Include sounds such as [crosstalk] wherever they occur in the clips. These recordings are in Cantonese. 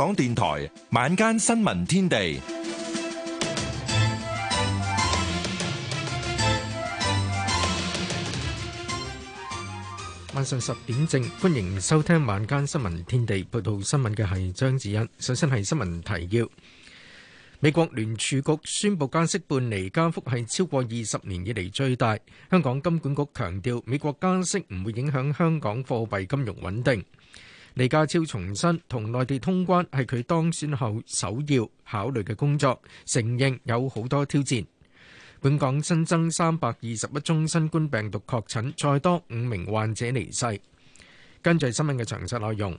港電台晚間新聞天地，晚上十點正，歡迎收聽晚間新聞天地。報道新聞嘅係張子欣，首先係新聞提要：美國聯儲局宣布加息半厘，加幅係超過二十年以嚟最大。香港金管局強調，美國加息唔會影響香港貨幣金融穩定。李家超重申同內地通關，係佢當選後首要考慮嘅工作，承認有好多挑戰。本港新增三百二十一宗新冠病毒確診，再多五名患者離世。跟住係新聞嘅詳細內容。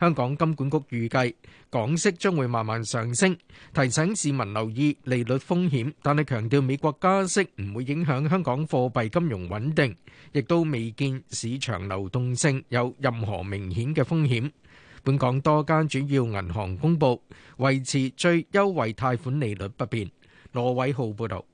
香港金管局預計港息將會慢慢上升，提醒市民留意利率風險，但係強調美國加息唔會影響香港貨幣金融穩定，亦都未見市場流動性有任何明顯嘅風險。本港多間主要銀行公布維持最優惠貸款利率不變。羅偉浩報道。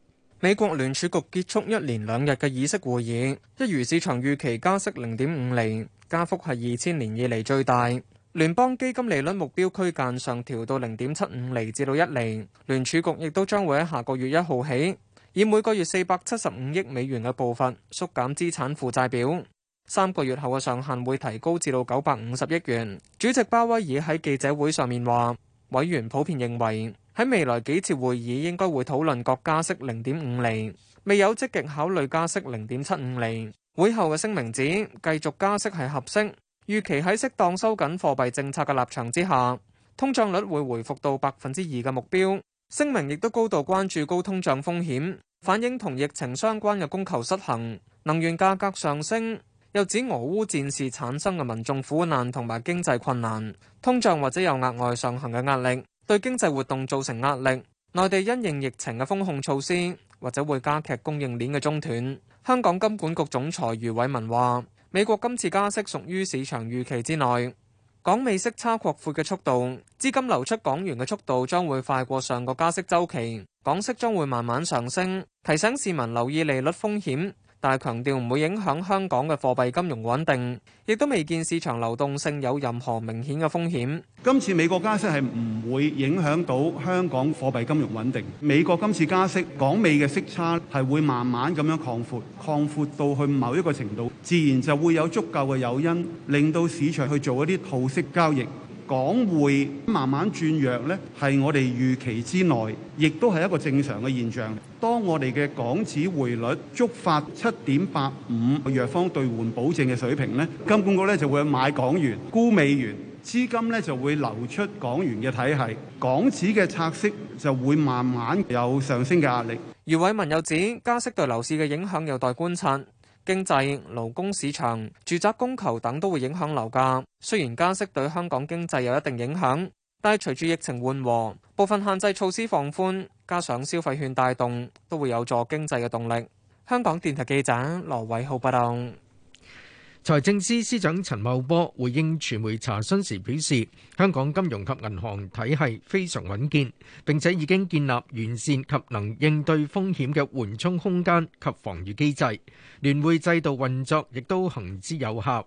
美國聯儲局結束一連兩日嘅議息會議，一如市場預期加息零點五釐，加幅係二千年以嚟最大。聯邦基金利率目標區間上調到零點七五釐至到一釐，聯儲局亦都將會喺下個月一號起，以每個月四百七十五億美元嘅步伐縮減資產負債表。三個月後嘅上限會提高至到九百五十億元。主席鮑威爾喺記者會上面話，委員普遍認為喺未來幾次會議應該會討論國家息加息零點五釐，未有積極考慮加息零點七五釐。會後嘅聲明指，繼續加息係合適。預期喺適當收緊貨幣政策嘅立場之下，通脹率會回復到百分之二嘅目標。聲明亦都高度關注高通脹風險，反映同疫情相關嘅供求失衡、能源價格上升，又指俄烏戰事產生嘅民眾苦難同埋經濟困難，通脹或者有額外上行嘅壓力，對經濟活動造成壓力。內地因應疫情嘅封控措施，或者會加劇供應鏈嘅中斷。香港金管局總裁余偉文話：美國今次加息屬於市場預期之內，港美息差擴闊嘅速度，資金流出港元嘅速度將會快過上個加息週期，港息將會慢慢上升，提醒市民留意利率風險。但係強調唔會影響香港嘅貨幣金融穩定，亦都未見市場流動性有任何明顯嘅風險。今次美國加息係唔會影響到香港貨幣金融穩定。美國今次加息，港美嘅息差係會慢慢咁樣擴闊，擴闊到去某一個程度，自然就會有足夠嘅誘因，令到市場去做一啲套息交易。港匯慢慢轉弱，呢係我哋預期之內，亦都係一個正常嘅現象。當我哋嘅港紙匯率觸發七點八五弱方兌換保證嘅水平呢，金管局咧就會買港元沽美元，資金呢就會流出港元嘅體系，港紙嘅拆息就會慢慢有上升嘅壓力。余偉文又指，加息對樓市嘅影響有待觀察。經濟、勞工市場、住宅供求等都會影響樓價。雖然加息對香港經濟有一定影響，但係隨住疫情緩和、部分限制措施放寬，加上消費券帶動，都會有助經濟嘅動力。香港電台記者羅偉浩報道。財政司司長陳茂波回應傳媒查詢時表示，香港金融及銀行體系非常穩健，並且已經建立完善及能應對風險嘅緩衝空間及防禦機制，聯繫制度運作亦都行之有效。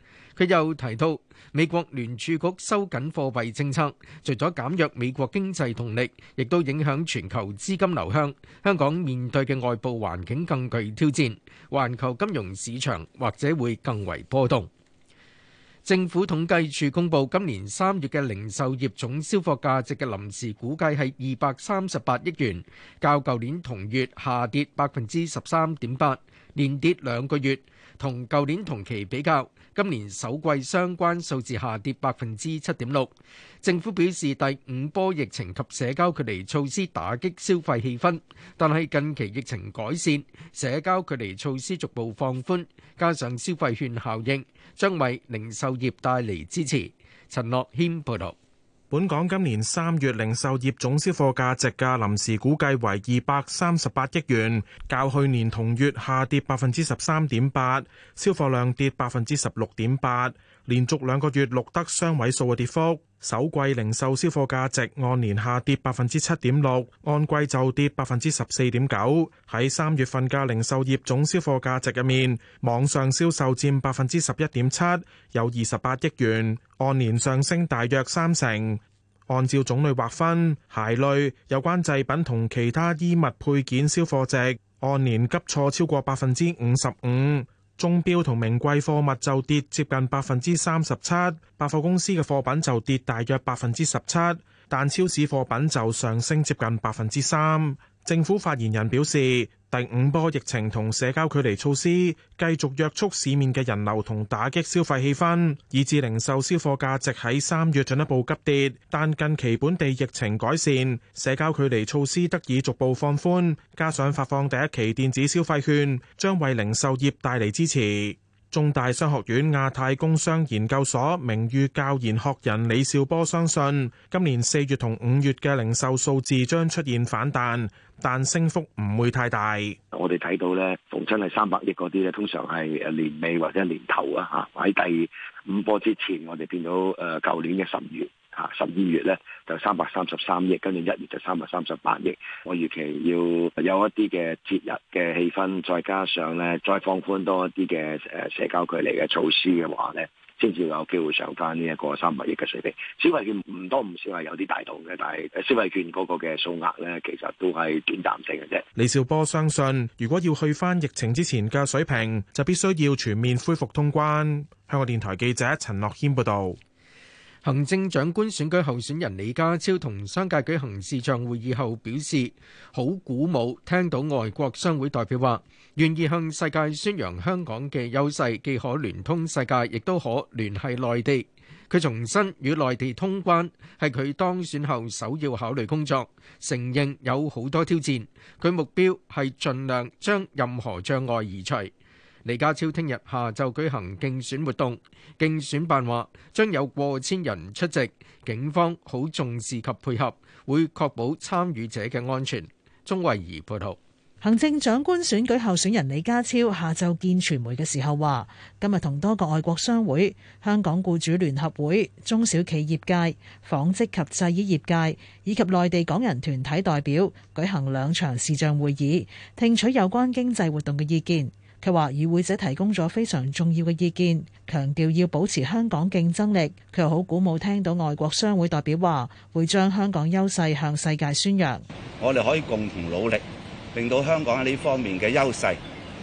佢又提到，美國聯儲局收緊貨幣政策，除咗減弱美國經濟動力，亦都影響全球資金流向。香港面對嘅外部環境更具挑戰，環球金融市場或者會更為波動。政府統計處公布今年三月嘅零售業總銷貨價值嘅臨時估計係二百三十八億元，較舊年同月下跌百分之十三點八，連跌兩個月。同舊年同期比較，今年首季相關數字下跌百分之七點六。政府表示，第五波疫情及社交距離措施打擊消費氣氛，但係近期疫情改善，社交距離措施逐步放寬，加上消費券效應，將為零售業帶嚟支持。陳樂謙報道。本港今年三月零售業總銷貨價值價臨時估計為二百三十八億元，較去年同月下跌百分之十三點八，銷貨量跌百分之十六點八。連續兩個月錄得雙位數嘅跌幅，首季零售銷貨價值按年下跌百分之七點六，按季就跌百分之十四點九。喺三月份嘅零售業總銷貨價值入面，網上銷售佔百分之十一點七，有二十八億元，按年上升大約三成。按照種類劃分，鞋類有關製品同其他衣物配件銷貨值按年急挫超過百分之五十五。鐘錶同名貴貨物就跌接近百分之三十七，百貨公司嘅貨品就跌大約百分之十七，但超市貨品就上升接近百分之三。政府發言人表示，第五波疫情同社交距離措施繼續約束市面嘅人流同打擊消費氣氛，以致零售銷貨價值喺三月進一步急跌。但近期本地疫情改善，社交距離措施得以逐步放寬，加上發放第一期電子消費券，將為零售業帶嚟支持。中大商學院亞太工商研究所名譽教研學人李兆波相信，今年四月同五月嘅零售數字將出現反彈，但升幅唔會太大。我哋睇到咧，逢親係三百億嗰啲咧，通常係誒年尾或者年頭啊，吓，喺第五波之前，我哋見到誒舊年嘅十月，十二月咧就三百三十三億，跟住一月就三百三十八億。我預期要有一啲嘅節日嘅氣氛，再加上咧再放寬多一啲嘅誒社交距離嘅措施嘅話咧，先至有機會上翻呢一個三百億嘅水平。消費券唔多唔少係有啲大動嘅，但係消費券嗰個嘅數額咧，其實都係短暫性嘅啫。李兆波相信，如果要去翻疫情之前嘅水平，就必須要全面恢復通關。香港電台記者陳樂軒報導。行政長官選舉候選人李家超同商界舉行視像會議後表示，好鼓舞聽到外國商會代表話，願意向世界宣揚香港嘅優勢，既可聯通世界，亦都可聯繫內地。佢重申與內地通關係佢當選後首要考慮工作，承認有好多挑戰，佢目標係盡量將任何障礙移除。李家超聽日下晝舉行競選活動，競選辦話將有過千人出席，警方好重視及配合，會確保參與者嘅安全。鍾慧儀報道，行政長官選舉候選人李家超下晝見傳媒嘅時候話，今日同多個外國商會、香港僱主聯合會、中小企業界、紡織及製衣業界以及內地港人團體代表舉行兩場視像會議，聽取有關經濟活動嘅意見。佢話與會者提供咗非常重要嘅意見，強調要保持香港競爭力。佢又好鼓舞聽到外國商會代表話，會將香港優勢向世界宣揚。我哋可以共同努力，令到香港喺呢方面嘅優勢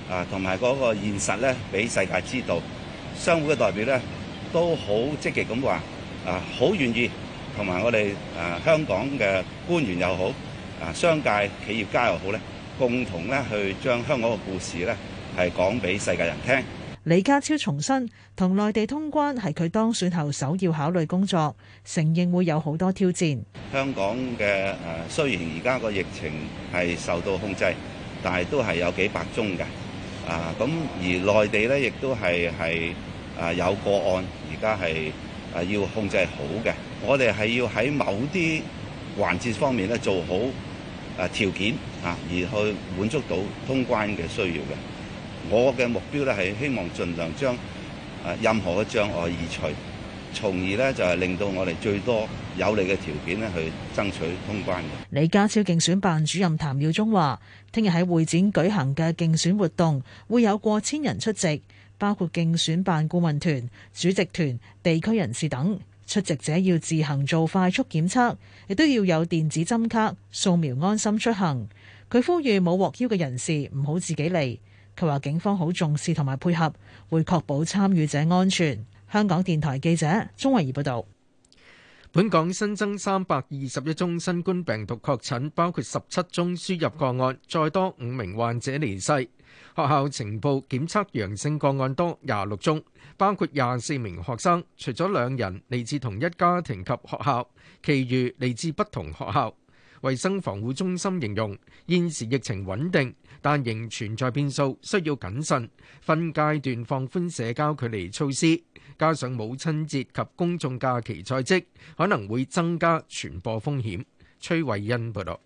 啊，同埋嗰個現實咧，俾世界知道。商會嘅代表咧都好積極咁話啊，好願意同埋我哋啊香港嘅官員又好啊，商界企業家又好咧啊，共同咧去將香港嘅故事咧。係講俾世界人聽。李家超重申同內地通關係佢當選後首要考慮工作，承認會有好多挑戰。香港嘅誒，雖然而家個疫情係受到控制，但係都係有幾百宗嘅啊。咁而內地咧，亦都係係啊有個案，而家係啊要控制好嘅。我哋係要喺某啲環節方面咧做好啊條件啊，而去滿足到通關嘅需要嘅。我嘅目標咧係希望盡量將任何一障礙移除，從而呢就係令到我哋最多有利嘅條件咧去爭取通關。李家超競選辦主任譚耀宗話，聽日喺會展舉行嘅競選活動會有過千人出席，包括競選辦顧問團、主席團、地區人士等。出席者要自行做快速檢測，亦都要有電子針卡掃描安心出行。佢呼籲冇獲邀嘅人士唔好自己嚟。佢話警方好重視同埋配合，會確保參與者安全。香港電台記者鍾慧儀報導，本港新增三百二十一宗新冠病毒確診，包括十七宗輸入個案，再多五名患者離世。學校情報檢測陽性個案多廿六宗，包括廿四名學生，除咗兩人嚟自同一家庭及學校，其餘嚟自不同學校。衛生防護中心形容現時疫情穩定，但仍存在變數，需要謹慎分階段放寬社交距離措施。加上母親節及公眾假期在即，可能會增加傳播風險。崔慧欣報道。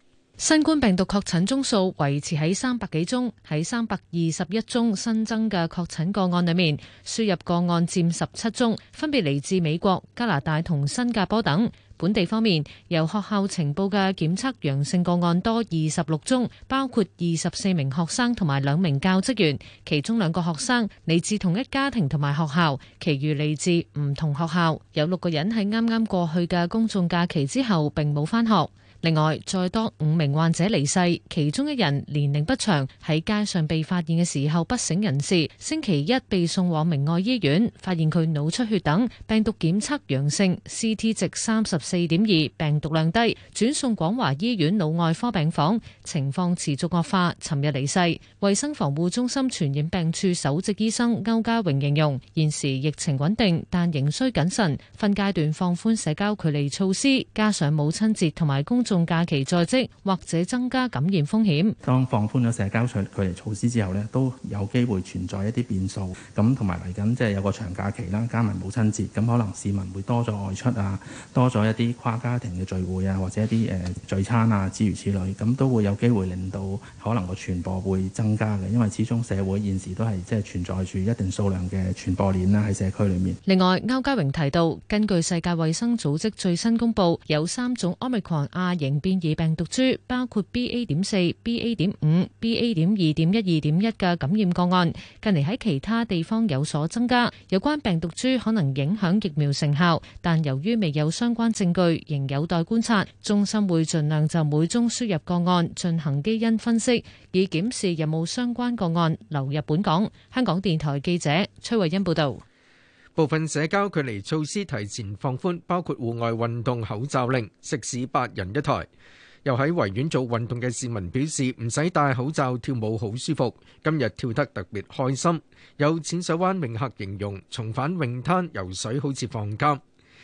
新冠病毒確診宗數維持喺三百幾宗，喺三百二十一宗新增嘅確診個案裏面，輸入個案佔十七宗，分別嚟自美國、加拿大同新加坡等。本地方面，由學校呈報嘅檢測陽性個案多二十六宗，包括二十四名學生同埋兩名教職員，其中兩個學生嚟自同一家庭同埋學校，其餘嚟自唔同學校。有六個人喺啱啱過去嘅公眾假期之後並冇返學。另外，再多五名患者離世，其中一人年齡不詳，喺街上被發現嘅時候不省人事，星期一被送往明愛醫院，發現佢腦出血等病毒檢測陽性，CT 值三十四點二，病毒量低，轉送廣華醫院腦外科病房，情況持續惡化，尋日離世。衛生防護中心傳染病處首席醫生歐家榮形容，現時疫情穩定，但仍需謹慎，分階段放寬社交距離措施，加上母親節同埋工作，重假期在即，或者增加感染風險，當放寬咗社交距距離措施之後咧，都有機會存在一啲變數，咁同埋嚟緊即係有，有個長假期啦，加埋母親節，咁可能市民會多咗外出啊，多咗一啲跨家庭嘅聚會啊，或者一啲誒聚餐啊，諸如此類，咁都會有機會令到可能個傳播會增加嘅。因為始終社會現時都係即係存在住一定數量嘅傳播鏈啦，喺社區裏面。另外，歐嘉榮提到，根據世界衛生組織最新公布，有三種奧型變異病毒株包括 BA 點四、BA 點五、BA 點二點一二點一嘅感染個案，近嚟喺其他地方有所增加。有關病毒株可能影響疫苗成效，但由於未有相關證據，仍有待觀察。中心會盡量就每宗輸入個案進行基因分析，以檢視有冇相關個案流入本港。香港電台記者崔慧欣報道。部分社交距離措施提前放寬，包括戶外運動口罩令、食肆八人一台。又喺維園做運動嘅市民表示，唔使戴口罩跳舞好舒服，今日跳得特別開心。有淺水灣泳客形容，重返泳灘游水好似放監。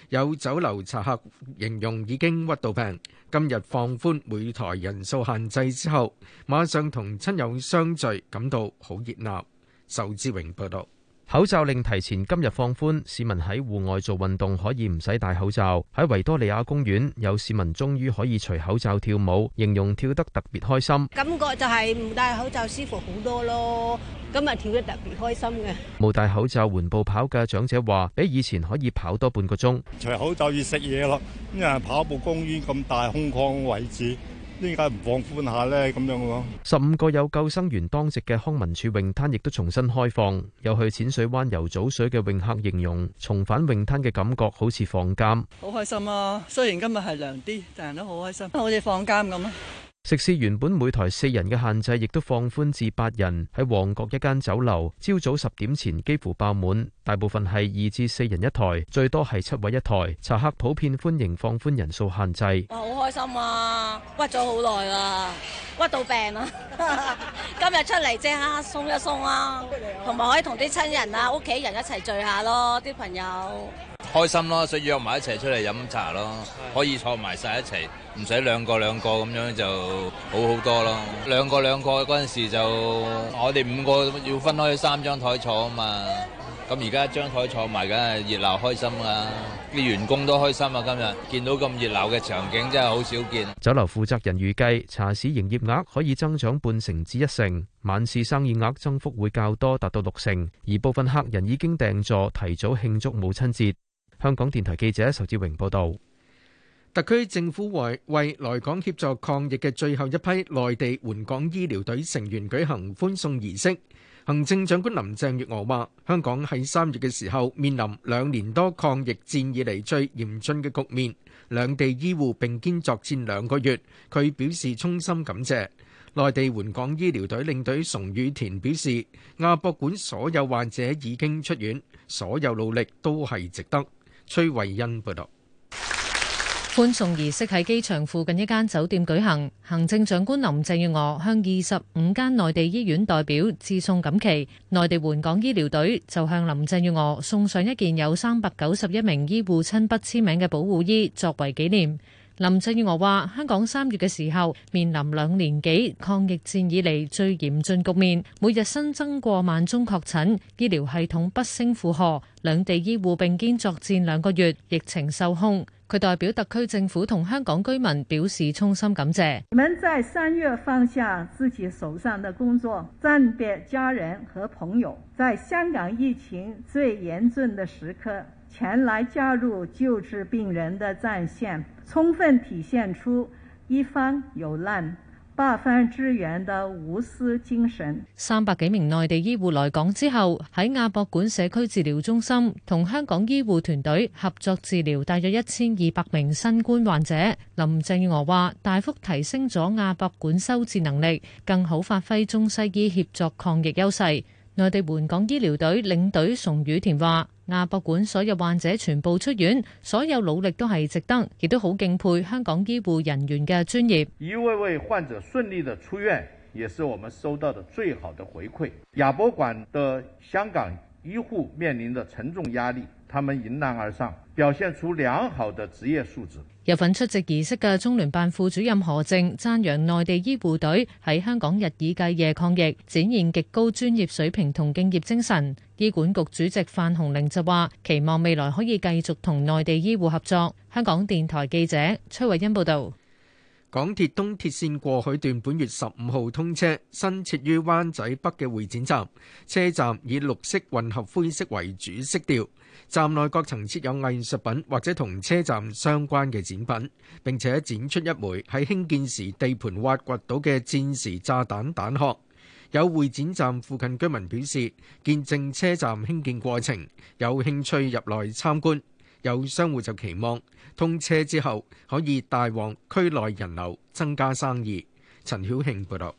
有酒樓茶客形容已經屈到病。今日放寬每台人數限制之後，馬上同親友相聚，感到好熱鬧。仇志榮報道。口罩令提前今日放寬，市民喺戶外做運動可以唔使戴口罩。喺維多利亞公園有市民終於可以除口罩跳舞，形容跳得特別開心。感覺就係唔戴口罩舒服好多咯，今日跳得特別開心嘅。冇戴口罩緩步跑嘅長者話，比以前可以跑多半個鐘。除口罩要食嘢咯，因為跑步公園咁大空曠位置。點解唔放寬下呢，咁樣喎。十五個有救生員當值嘅康文署泳灘亦都重新開放。有去淺水灣游早水嘅泳客形容，重返泳灘嘅感覺好似放監。好開心啊！雖然今日係涼啲，但人都好開心，好似放監咁啊！食肆原本每台四人嘅限制，亦都放寬至八人。喺旺角一間酒樓，朝早十點前幾乎爆滿，大部分係二至四人一台，最多係七位一台。茶客普遍歡迎放寬人數限制。我好開心啊，屈咗好耐啦，屈到病啊。 [laughs] 今日出嚟即刻鬆一鬆啊，同埋 [laughs] 可以同啲親人啊、屋企人一齊聚一下咯，啊，啲朋友。開心咯，所以約埋一齊出嚟飲茶咯，可以坐埋晒一齊，唔使兩個兩個咁樣就好好多咯。兩個兩個嗰陣時就我哋五個要分開三張台坐啊嘛，咁而家一張台坐埋，梗係熱鬧開心啦！啲員工都開心啊，今日見到咁熱鬧嘅場景真係好少見。酒樓負責人預計茶市營業額可以增長半成至一成，晚市生意額增幅會較多，達到六成。而部分客人已經訂座提早慶祝母親節。香港電台記者仇志榮報道，特區政府為為來港協助抗疫嘅最後一批內地援港醫療隊成員舉行歡送儀式。行政長官林鄭月娥話，香港喺三月嘅時候面臨兩年多抗疫戰以嚟最嚴峻嘅局面，兩地醫護並肩作戰兩個月，佢表示衷心感謝內地援港醫療隊，領隊崇宇田表示，亞博館所有患者已經出院，所有努力都係值得。崔慧欣報道，歡送儀式喺機場附近一間酒店舉行。行政長官林鄭月娥向二十五間內地醫院代表致送錦旗，內地援港醫療隊就向林鄭月娥送上一件有三百九十一名醫護親筆簽名嘅保護衣作為紀念。林鄭月娥話：香港三月嘅時候，面臨兩年幾抗疫戰以嚟最嚴峻局面，每日新增過萬宗確診，醫療系統不勝負荷。兩地醫護並肩作戰兩個月，疫情受控。佢代表特區政府同香港居民表示衷心感謝。你們在三月放下自己手上的工作，暫別家人和朋友，在香港疫情最嚴峻的時刻。前來加入救治病人的戰線，充分體現出一方有難，八方支援的無私精神。三百幾名內地醫護來港之後，喺亞博館社區治療中心同香港醫護團隊合作治療大約一千二百名新冠患者。林鄭月娥話：大幅提升咗亞博館收治能力，更好發揮中西醫協作抗疫優勢。內地援港醫療隊領隊熊宇田話：亞博館所有患者全部出院，所有努力都係值得，亦都好敬佩香港醫護人員嘅專業。一位位患者順利的出院，也是我們收到的最好的回饋。亞博館的香港醫護面臨的沉重壓力。他們迎難而上，表現出良好的職業素質。有份出席儀式嘅中聯辦副主任何靖讚揚內地醫護隊喺香港日以繼夜抗疫，展現極高專業水平同敬業精神。醫管局主席范鴻齡就話期望未來可以繼續同內地醫護合作。香港電台記者崔慧欣報道。港鐵東鐵綫過海段本月十五號通車，新設於灣仔北嘅會展站車站以綠色混合灰色為主色調。站內各層設有藝術品或者同車站相關嘅展品，並且展出一枚喺興建時地盤挖掘到嘅戰時炸彈彈殼。有會展站附近居民表示見證車站興建過程，有興趣入內參觀。有商戶就期望通車之後可以帶旺區內人流，增加生意。陳曉慶報道。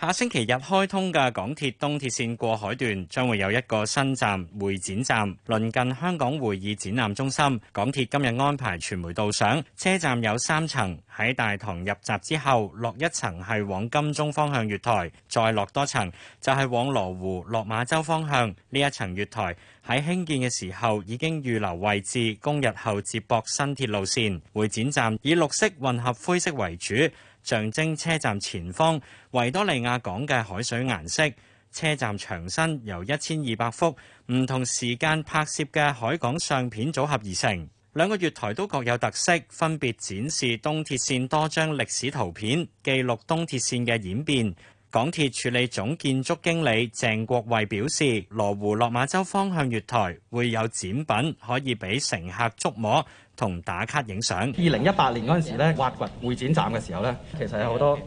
下星期日開通嘅港鐵東鐵綫過海段將會有一個新站——會展站，鄰近香港會議展覽中心。港鐵今日安排傳媒導賞。車站有三層，喺大堂入閘之後落一層係往金鐘方向月台，再落多層就係往羅湖、落馬洲方向。呢一層月台喺興建嘅時候已經預留位置，供日後接駁新鐵路綫。會展站以綠色混合灰色為主，象徵車站前方維多利亞港嘅海水顏色，車站牆身由一千二百幅唔同時間拍攝嘅海港相片組合而成。兩個月台都各有特色，分別展示東鐵線多張歷史圖片，記錄東鐵線嘅演變。港鐵處理總建築經理鄭國衛表示，羅湖、落馬洲方向月台會有展品可以俾乘客觸摸。同打卡影相。二零一八年嗰陣時咧，挖掘會展站嘅時候咧，其實有好多誒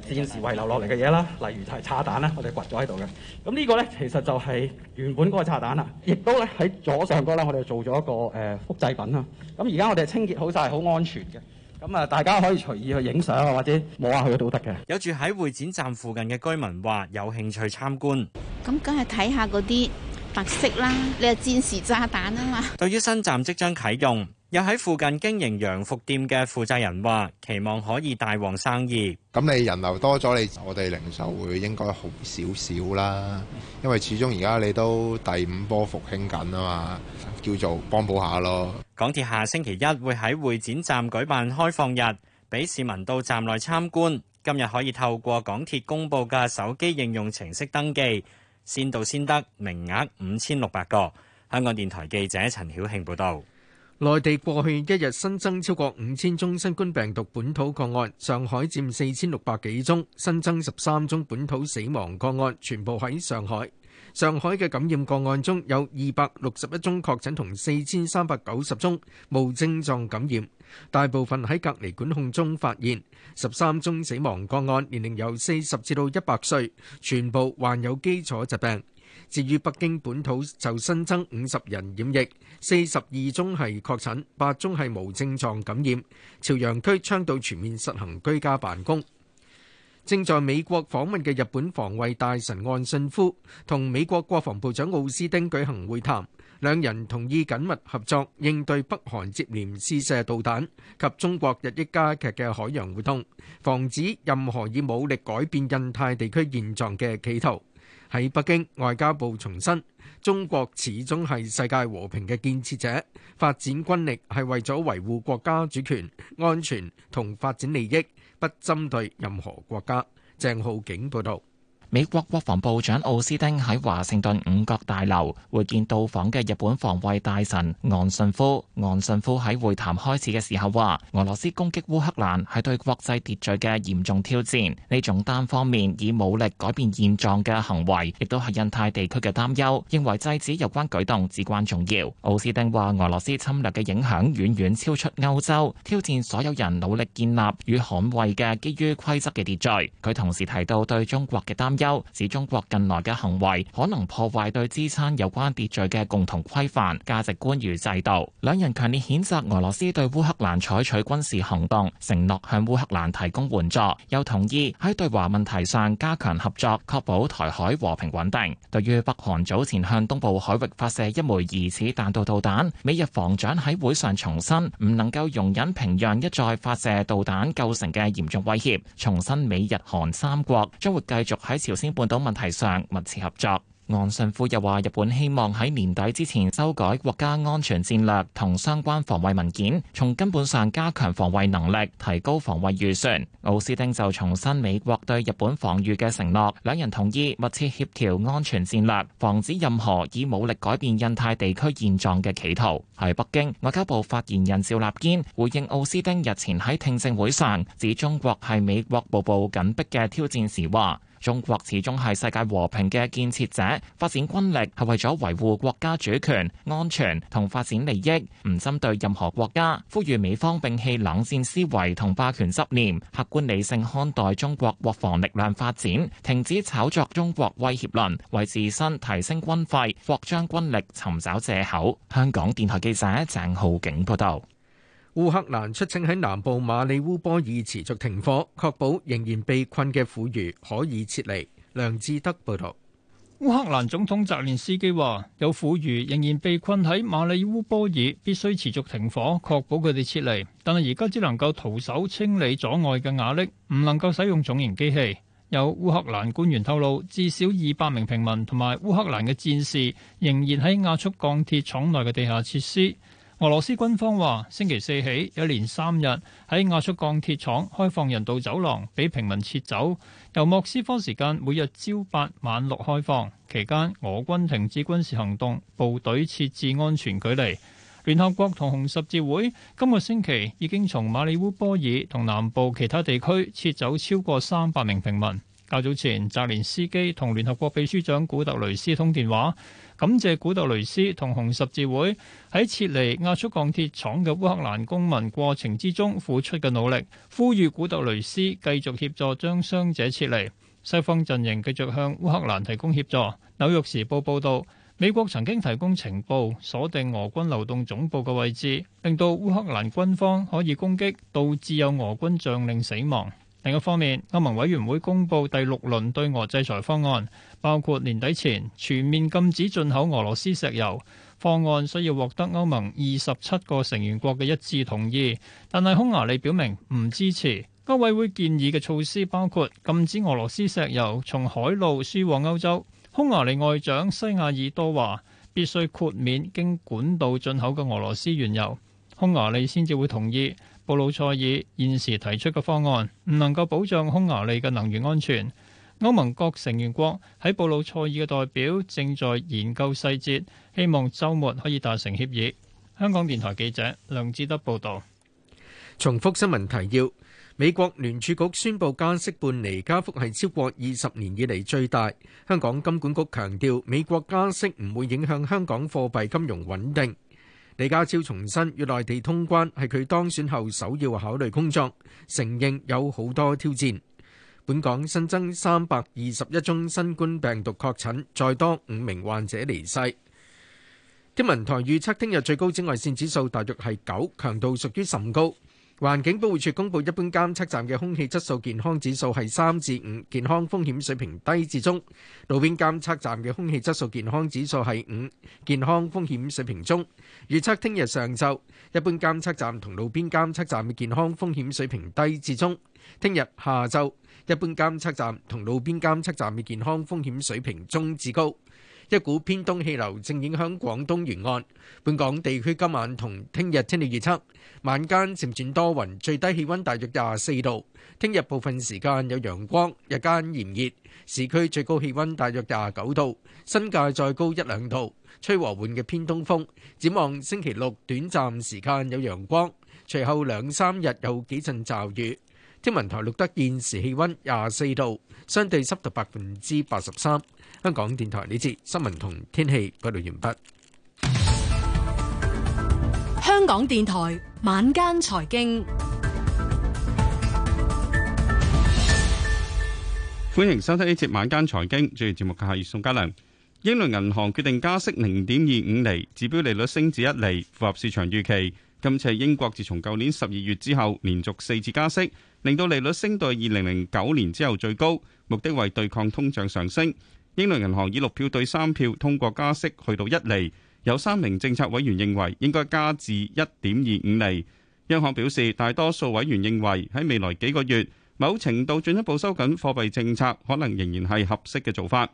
戰時遺留落嚟嘅嘢啦，例如係炸彈啦，我哋掘咗喺度嘅。咁呢個咧，其實就係原本嗰個炸彈啦，亦都咧喺左上角咧，我哋做咗一個誒複製品啦。咁而家我哋清潔好晒，好安全嘅。咁啊，大家可以隨意去影相啊，或者摸下佢都得嘅。有住喺會展站附近嘅居民話：有興趣參觀，咁梗係睇下嗰啲白色啦。你係戰時炸彈啊嘛。對於新站即將啟用，又喺附近經營洋服店嘅負責人話，期望可以大旺生意。咁你人流多咗，你我哋零售會應該好少少啦。因為始終而家你都第五波復興緊啊嘛，叫做幫補下咯。港鐵下星期一會喺會展站舉辦開放日，俾市民到站內參觀。今日可以透過港鐵公布嘅手機應用程式登記，先到先得，名額五千六百個。香港電台記者陳曉慶報道。內地過去一日新增超過五千宗新冠病毒本土個案，上海佔四千六百幾宗，新增十三宗本土死亡個案，全部喺上海。上海嘅感染個案中有二百六十一宗確診同四千三百九十宗無症狀感染，大部分喺隔離管控中發現。十三宗死亡個案，年齡由四十至到一百歲，全部患有基礎疾病。至於北京本土就新增五十人染疫，四十二宗係確診，八宗係無症狀感染。朝陽區倡導全面實行居家辦公。正在美國訪問嘅日本防衛大臣岸信夫同美國國防部長奧斯汀舉行會談，兩人同意緊密合作應對北韓接連試射導彈及中國日益加劇嘅海洋活動，防止任何以武力改變印太地區現狀嘅企圖。喺北京，外交部重申，中國始終係世界和平嘅建設者，發展軍力係為咗維護國家主權、安全同發展利益，不針對任何國家。鄭浩景報道。美國國防部長奧斯汀喺華盛頓五角大樓會見到訪嘅日本防衛大臣岸信夫。岸信夫喺會談開始嘅時候話：俄羅斯攻擊烏克蘭係對國際秩序嘅嚴重挑戰，呢種單方面以武力改變現狀嘅行為，亦都係印太地區嘅擔憂，認為制止有關舉動至關重要。奧斯汀話：俄羅斯侵略嘅影響遠遠超出歐洲，挑戰所有人努力建立與捍衛嘅基於規則嘅秩序。佢同時提到對中國嘅擔指中國近來嘅行為可能破壞對支撐有關秩序嘅共同規範、價值觀與制度。兩人強烈譴責俄羅斯對烏克蘭採取軍事行動，承諾向烏克蘭提供援助，又同意喺對華問題上加強合作，確保台海和平穩定。對於北韓早前向東部海域發射一枚疑似彈道導彈，美日防長喺會上重申唔能夠容忍平壤一再發射導彈構成嘅嚴重威脅，重申美日韓三國將會繼續喺先半島問題上密切合作。岸信夫又話日本希望喺年底之前修改國家安全戰略同相關防衛文件，從根本上加強防衛能力，提高防衛預算。奧斯汀就重申美國對日本防禦嘅承諾，兩人同意密切協調安全戰略，防止任何以武力改變印太地區現狀嘅企圖。喺北京，外交部發言人趙立堅回應奧斯汀日前喺聽證會上指中國係美國步步緊逼嘅挑戰時話。中國始終係世界和平嘅建設者，發展軍力係為咗維護國家主權、安全同發展利益，唔針對任何國家。呼籲美方摒棄冷戰思維同霸權執念，客觀理性看待中國國防力量發展，停止炒作中國威脅論，為自身提升軍費、擴張軍力尋找借口。香港電台記者鄭浩景報道。烏克蘭出征，喺南部馬里烏波爾持續停火，確保仍然被困嘅婦孺可以撤離。梁志德報道，烏克蘭總統澤連斯基話：有婦孺仍然被困喺馬里烏波爾，必須持續停火，確保佢哋撤離。但係而家只能夠徒手清理阻礙嘅瓦礫，唔能夠使用重型機器。有烏克蘭官員透露，至少二百名平民同埋烏克蘭嘅戰士仍然喺亞速鋼鐵廠內嘅地下設施。俄羅斯軍方話，星期四起一連三日喺亞速鋼鐵廠開放人道走廊，俾平民撤走。由莫斯科時間每日朝八晚六開放，期間俄軍停止軍事行動，部隊設置安全距離。聯合國同紅十字會今個星期已經從馬里烏波爾同南部其他地區撤走超過三百名平民。較早前澤連斯基同聯合國秘書長古特雷斯通電話。感謝古特雷斯同紅十字會喺撤離亞速鋼鐵廠嘅烏克蘭公民過程之中付出嘅努力，呼籲古特雷斯繼續協助將傷者撤離。西方陣營繼續向烏克蘭提供協助。紐約時報報道，美國曾經提供情報鎖定俄軍流動總部嘅位置，令到烏克蘭軍方可以攻擊，導致有俄軍將領死亡。另一方面，歐盟委員會公布第六輪對俄制裁方案，包括年底前全面禁止進口俄羅斯石油。方案需要獲得歐盟二十七個成員國嘅一致同意，但係匈牙利表明唔支持。歐委會建議嘅措施包括禁止俄羅斯石油從海路輸往歐洲。匈牙利外長西亞爾多話必須豁免經管道進口嘅俄羅斯原油，匈牙利先至會同意。布魯塞爾現時提出嘅方案唔能夠保障匈牙利嘅能源安全。歐盟各成員國喺布魯塞爾嘅代表正在研究細節，希望週末可以達成協議。香港電台記者梁志德報道。重複新聞提要：美國聯儲局宣布加息半釐，加幅係超過二十年以嚟最大。香港金管局強調，美國加息唔會影響香港貨幣金融穩定。李家超重申與內地通關係佢當選後首要考慮工作，承認有好多挑戰。本港新增三百二十一宗新冠病毒確診，再多五名患者離世。天文台預測聽日最高紫外綫指數大約係九，強度屬於甚高。環境保護署公布一般監測站嘅空氣質素健康指數係三至五，健康風險水平低至中；路邊監測站嘅空氣質素健康指數係五，健康風險水平中。預測聽日上晝，一般監測站同路邊監測站嘅健康風險水平低至中；聽日下晝，一般監測站同路邊監測站嘅健康風險水平中至高。一股偏東氣流正影響廣東沿岸，本港地區今晚同聽日天氣預測，晚間漸轉多雲，最低氣温大約廿四度；聽日部分時間有陽光，日間炎熱，市區最高氣温大約廿九度，新界再高一兩度，吹和緩嘅偏東風。展望星期六短暫時間有陽光，隨後兩三日有幾陣驟雨。天文台錄得現時氣温廿四度，相對濕度百分之八十三。香港電台呢節新聞同天氣報道完畢。香港電台晚間財經，歡迎收聽呢節晚間財經。主持節目嘅係宋嘉良。英倫銀行決定加息零點二五厘，指標利率升至一厘，符合市場預期。今次英國自從舊年十二月之後，連續四次加息，令到利率升到二零零九年之後最高，目的為對抗通脹上升。英倫銀行以六票對三票通過加息，去到一厘。有三名政策委員認為應該加至一點二五厘。央行表示，大多數委員認為喺未來幾個月，某程度進一步收緊貨幣政策，可能仍然係合適嘅做法。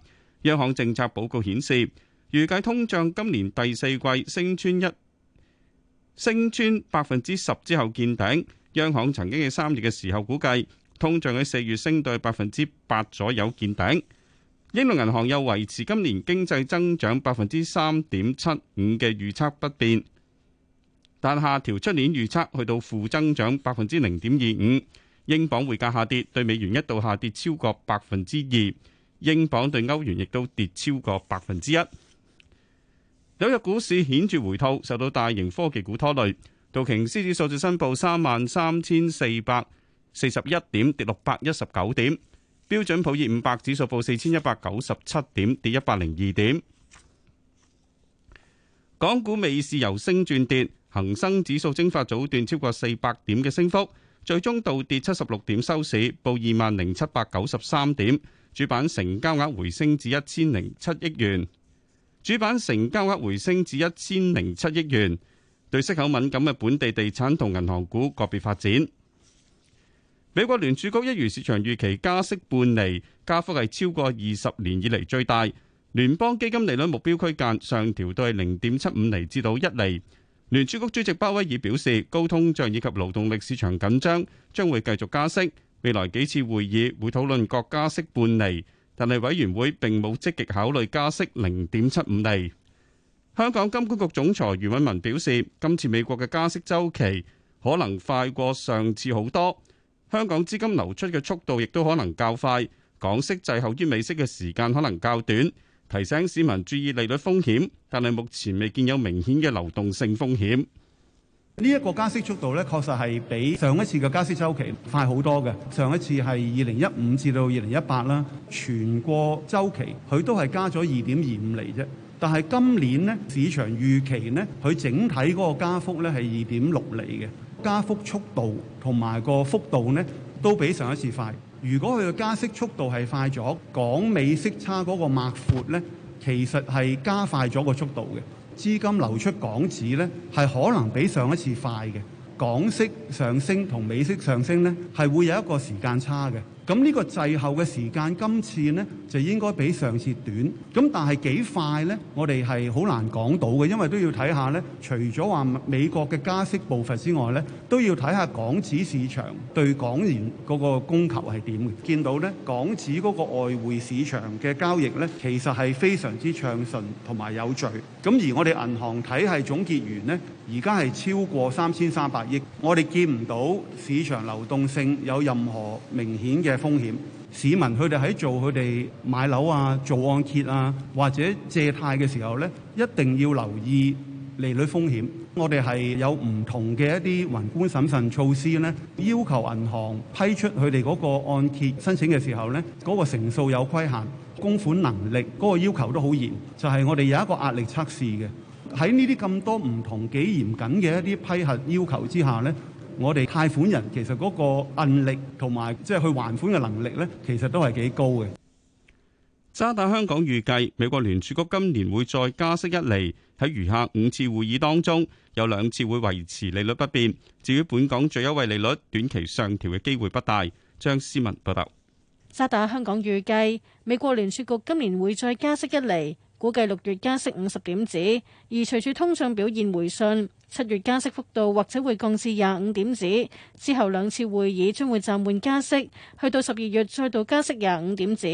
央行政策報告顯示，預計通脹今年第四季升穿一升穿百分之十之後見頂。央行曾經喺三月嘅時候估計，通脹喺四月升到百分之八左右見頂。英倫銀行又維持今年經濟增長百分之三點七五嘅預測不變，但下調出年預測去到負增長百分之零點二五。英鎊匯價下跌，對美元一度下跌超過百分之二，英鎊對歐元亦都跌超過百分之一。紐約股市顯著回吐，受到大型科技股拖累。道瓊斯指數收報三萬三千四百四十一點，跌六百一十九點。標準普爾五百指數報四千一百九十七點，跌一百零二點。港股尾市由升轉跌，恒生指數蒸發早段超過四百點嘅升幅，最終倒跌七十六點收市，報二萬零七百九十三點。主板成交額回升至一千零七億元。主板成交額回升至一千零七億元。對息口敏感嘅本地地產同銀行股個別發展。美國聯儲局一如市場預期加息半厘，加幅係超過二十年以嚟最大。聯邦基金利率目標區間上調到係零點七五厘至到一厘。聯儲局主席鮑威爾表示，高通脹以及勞動力市場緊張將會繼續加息。未來幾次會議會討論各加息半厘，但係委員會並冇積極考慮加息零點七五厘。香港金管局總裁余偉文表示，今次美國嘅加息週期可能快過上次好多。香港資金流出嘅速度亦都可能較快，港息滯後於美息嘅時間可能較短，提醒市民注意利率風險，但係目前未見有明顯嘅流動性風險。呢一個加息速度咧，確實係比上一次嘅加息周期快好多嘅。上一次係二零一五至到二零一八啦，全個週期佢都係加咗二點二五厘啫，但係今年咧市場預期呢，佢整體嗰個加幅呢係二點六厘嘅。加幅速度同埋個幅度呢都比上一次快。如果佢嘅加息速度係快咗，港美息差嗰個脈闊呢，其實，係加快咗個速度嘅。資金流出港紙呢，係可能比上一次快嘅。港息上升同美息上升呢，係會有一個時間差嘅。咁呢個滯後嘅時間今次咧就應該比上次短，咁但係幾快咧，我哋係好難講到嘅，因為都要睇下咧。除咗話美國嘅加息步伐之外咧，都要睇下港紙市場對港元嗰個供求係點嘅。見到咧，港紙嗰個外匯市場嘅交易咧，其實係非常之暢順同埋有序。咁而我哋銀行體系總結餘咧，而家係超過三千三百億，我哋見唔到市場流動性有任何明顯嘅風險。市民佢哋喺做佢哋買樓啊、做按揭啊，或者借貸嘅時候呢，一定要留意利率風險。我哋係有唔同嘅一啲宏觀審慎措施咧，要求銀行批出佢哋嗰個按揭申請嘅時候呢，嗰、嗰個成數有規限，供款能力嗰個要求都好嚴，就係、是、我哋有一個壓力測試嘅。喺呢啲咁多唔同幾嚴謹嘅一啲批核要求之下呢。我哋貸款人其實嗰個韌力同埋，即係去還款嘅能力呢，其實都係幾高嘅。渣打香港預計美國聯儲局今年會再加息一釐，喺餘下五次會議當中有兩次會維持利率不變。至於本港最優惠利率短期上調嘅機會不大。張思文報道。渣打香港預計美國聯儲局今年會再加息一釐。估計六月加息五十點子，而隨住通脹表現回信，七月加息幅度或者會降至廿五點子。之後兩次會議將會暫緩加息，去到十二月再度加息廿五點子。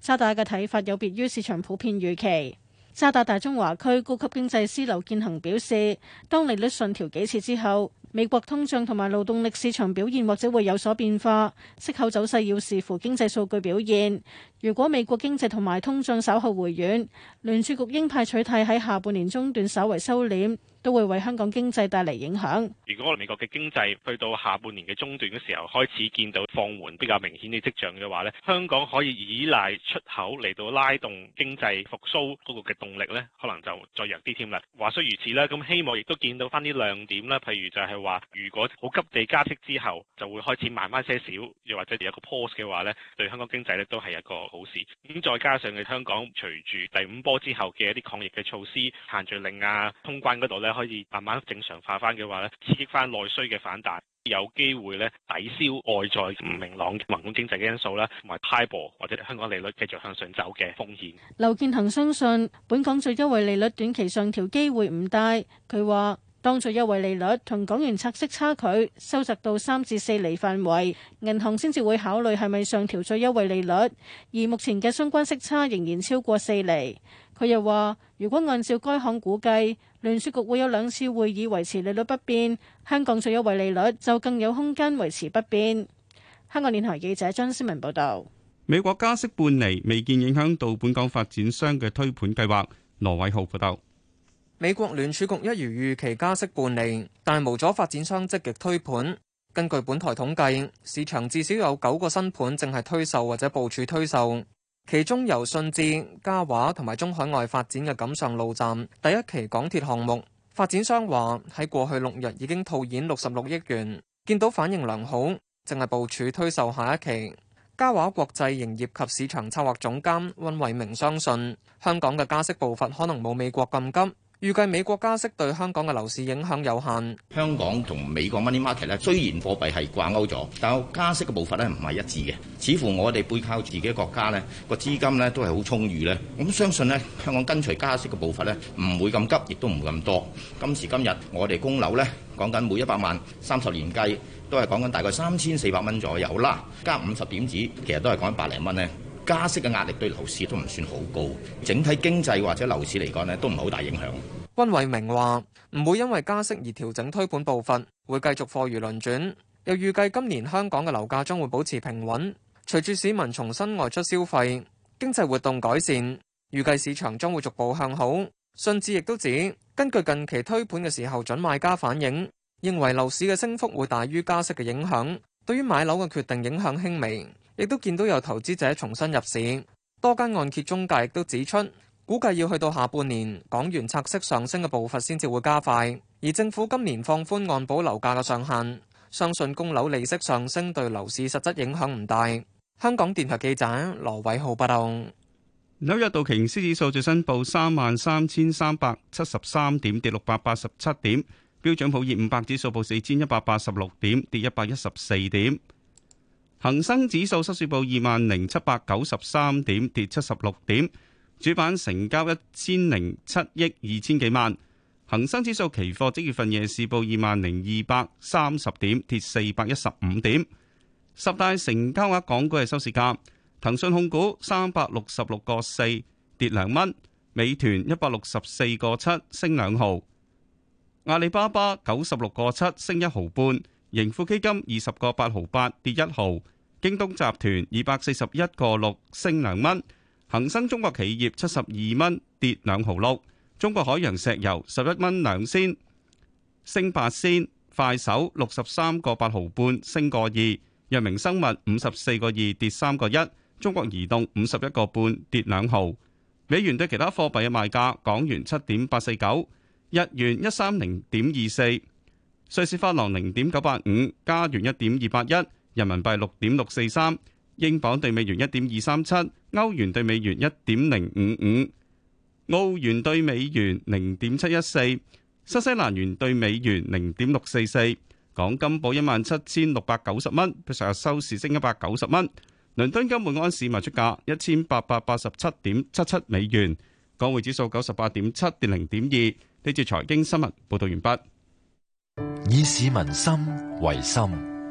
渣打嘅睇法有別於市場普遍預期。渣打大中華區高級經濟師劉建恒表示，當利率上調幾次之後，美國通脹同埋勞動力市場表現或者會有所變化，息口走勢要視乎經濟數據表現。如果美國經濟同埋通脹稍後回軟，聯儲局鷹派取態喺下半年中段稍為收斂，都會為香港經濟帶嚟影響。如果美國嘅經濟去到下半年嘅中段嘅時候開始見到放緩比較明顯嘅跡象嘅話呢，香港可以依賴出口嚟到拉動經濟復甦嗰個嘅動力呢，可能就再弱啲添啦。話雖如此啦，咁希望亦都見到翻啲亮點啦，譬如就係、是。話如果好急地加息之後，就會開始慢慢些少，又或者有個 pause 嘅話咧，對香港經濟咧都係一個好事。咁再加上嘅香港隨住第五波之後嘅一啲抗疫嘅措施、限聚令啊、通關嗰度咧可以慢慢正常化翻嘅話咧，刺激翻內需嘅反彈，有機會咧抵消外在唔明朗嘅宏觀經濟嘅因素啦，同埋 HIBOR 或者香港利率繼續向上走嘅風險。劉建恒相信本港最優惠利率短期上調機會唔大，佢話。當最優惠利率同港元拆息差距，收窄到三至四厘範圍，銀行先至會考慮係咪上調最優惠利率。而目前嘅相關息差仍然超過四厘。佢又話，如果按照該行估計，聯儲局會有兩次會議維持利率不變，香港最優惠利率就更有空間維持不變。香港電台記者張思文報道。美國加息半厘未見影響到本港發展商嘅推盤計劃。羅偉浩報道。美國聯儲局一如預期加息半釐，但無阻發展商積極推盤。根據本台統計，市場至少有九個新盤正係推售或者部署推售。其中由信智嘉華同埋中海外發展嘅錦上路站第一期港鐵項目，發展商話喺過去六日已經套現六十六億元，見到反應良好，正係部署推售下一期。嘉華國際營業及市場策劃總監溫偉明相信香港嘅加息步伐可能冇美國咁急，預計美國加息對香港嘅樓市影響有限。香港同美國 money market 咧，雖然貨幣係掛鈎咗，但係加息嘅步伐咧唔係一致嘅。似乎我哋背靠自己國家咧，個資金咧都係好充裕咧。咁、嗯、相信咧，香港跟隨加息嘅步伐咧，唔會咁急，亦都唔會咁多。今時今日我，我哋供樓咧，講緊每一百萬三十年計，都係講緊大概三千四百蚊左右啦，加五十點子，其實都係講緊百零蚊咧。加息嘅壓力對樓市都唔算好高，整體經濟或者樓市嚟講呢，都唔係好大影響。温偉明話：唔會因為加息而調整推盤步伐，會繼續貨如輪轉。又預計今年香港嘅樓價將會保持平穩。隨住市民重新外出消費，經濟活動改善，預計市場將會逐步向好。信置亦都指，根據近期推盤嘅時候，準買家反映認為樓市嘅升幅會大於加息嘅影響，對於買樓嘅決定影響輕微。亦都見到有投資者重新入市，多間按揭中介亦都指出，估計要去到下半年港元拆息上升嘅步伐先至會加快。而政府今年放寬按保樓價嘅上限，相信供樓利息上升對樓市實質影響唔大。香港電台記者羅偉浩報道。紐約道瓊斯指數最新報三萬三千三百七十三點，跌六百八十七點。標準普爾五百指數報四千一百八十六點，跌一百一十四點。恒生指數收市報二萬零七百九十三點，跌七十六點。主板成交一千零七億二千幾萬。恒生指數期貨即月份夜市報二萬零二百三十點，跌四百一十五點。十大成交額港股嘅收市價：騰訊控股三百六十六個四，跌兩蚊；美團一百六十四個七，升兩毫；阿里巴巴九十六個七，升一毫半；盈富基金二十個八毫八，跌一毫。京東集團二百四十一個六升兩蚊，恒生中國企業七十二蚊跌兩毫六，中國海洋石油十一蚊兩仙升八仙，快手六十三個八毫半升個二，藥明生物五十四個二跌三個一，中國移動五十一個半跌兩毫，美元兌其他貨幣嘅賣價，港元七點八四九，日元一三零點二四，瑞士法郎零點九八五，加元一點二八一。人民幣六點六四三，英鎊兌美元一點二三七，歐元兌美元一點零五五，澳元兌美元零點七一四，新西蘭元兌美元零點六四四。港金報一萬七千六百九十蚊，比上日收市升一百九十蚊。倫敦金每安士賣出價一千八百八十七點七七美元，港匯指數九十八點七跌零點二。呢節財經新聞報道完畢。以市民心為心。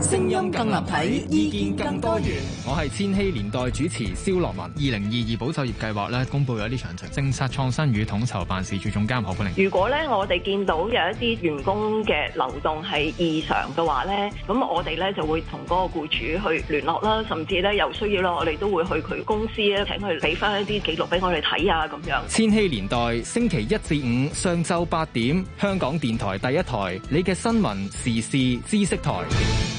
聲音更立體，意見更多元。我係千禧年代主持蕭樂文。二零二二保就業計劃咧公布咗啲詳情。政策創新與統，統籌辦事處總監何冠玲。如果咧我哋見到有一啲員工嘅流動係異常嘅話咧，咁我哋咧就會同嗰個僱主去聯絡啦，甚至咧有需要咯，我哋都會去佢公司咧，請佢俾翻一啲記錄俾我哋睇啊，咁樣。千禧年代星期一至五上晝八點，香港電台第一台，你嘅新聞時事知識台。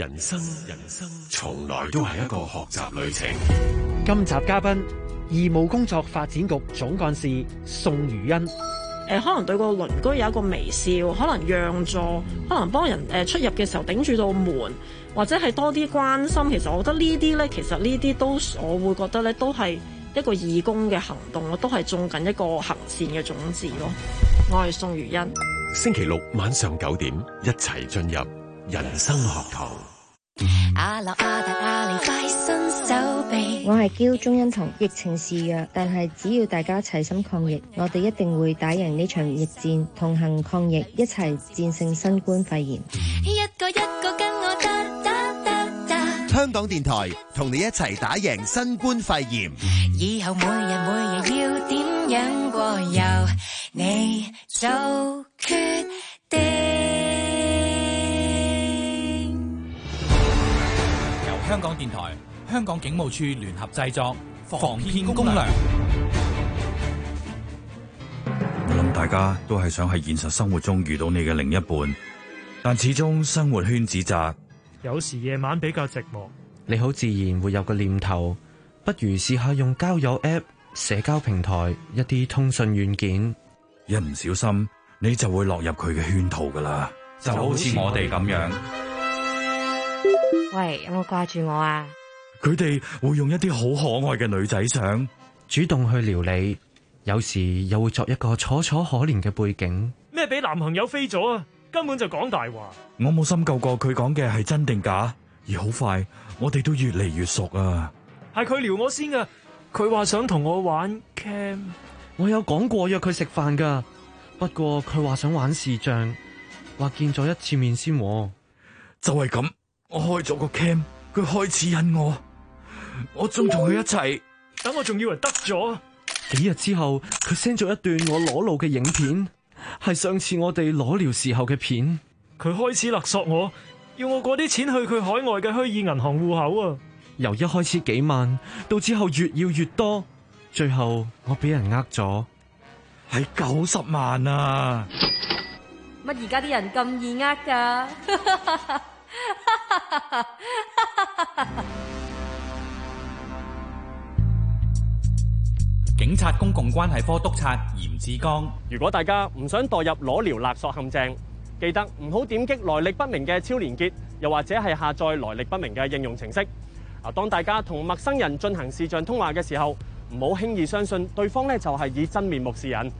人生人，人生從來都係一個學習旅程。今集嘉賓，義務工作發展局總幹事宋如恩。誒、呃，可能對個鄰居有一個微笑，可能讓座，可能幫人誒出入嘅時候頂住道門，或者係多啲關心。其實我覺得呢啲咧，其實呢啲都我會覺得咧，都係一個義工嘅行動咯，都係種緊一個行善嘅種子咯。我係宋如恩。星期六晚上九點，一齊進入人生學堂。阿阿阿我係嬌鍾欣彤，疫情肆虐，但係只要大家齊心抗疫，我哋一定會打贏呢場疫戰。同行抗疫，一齊戰勝新冠肺炎。一個一個跟我噠噠噠噠。香港電台同你一齊打贏新冠肺炎。以後每日每日要點樣過？由你做決定。香港電台、香港警務處聯合製作《防騙攻略》。我諗大家都係想喺現實生活中遇到你嘅另一半，但始終生活圈子窄。有時夜晚比較寂寞，你好自然會有個念頭，不如試下用交友 App、社交平台一啲通訊軟件。一唔小心，你就會落入佢嘅圈套噶啦。其實就好似我哋咁樣。喂，有冇掛住我啊？佢哋會用一啲好可愛嘅女仔相，主動去撩你，有時又會作一個楚楚可憐嘅背景，咩俾男朋友飛咗啊？根本就講大話。我冇深究過佢講嘅係真定假，而好快我哋都越嚟越熟啊。係佢撩我先啊，佢話想同我玩 cam，我有講過約佢食飯㗎，不過佢話想玩視像，話見咗一次面先喎，就係咁。我開咗個 cam，佢開始引我，我仲同佢一齊，等我仲以為得咗。幾日之後，佢 send 咗一段我裸露嘅影片，係上次我哋裸聊時候嘅片。佢開始勒索我，要我嗰啲錢去佢海外嘅虛擬銀行戶口啊！由一開始幾萬，到之後越要越多，最後我俾人呃咗，係九十萬啊！乜而家啲人咁易呃㗎？ [laughs] [laughs] [laughs] 警察公共關係科督察嚴志剛，如果大家唔想墮入裸聊勒索陷阱，記得唔好點擊來歷不明嘅超連結，又或者係下載來歷不明嘅應用程式。啊，當大家同陌生人進行視像通話嘅時候，唔好輕易相信對方咧就係以真面目示人。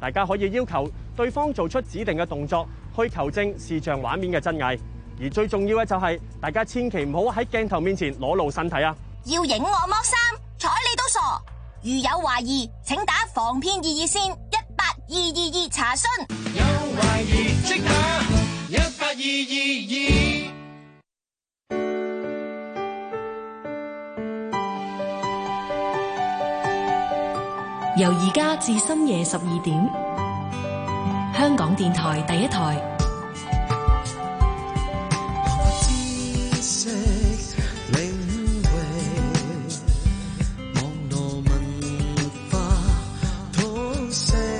大家可以要求對方做出指定嘅動作去求證視像畫面嘅真偽。而最重要嘅就係、是，大家千祈唔好喺鏡頭面前裸露身體啊！要影我剝衫，睬你都傻。如有懷疑，請打防騙易熱線一八二二二查詢。有懷疑即打一八二二二。由而家至深夜十二點，香港電台第一台。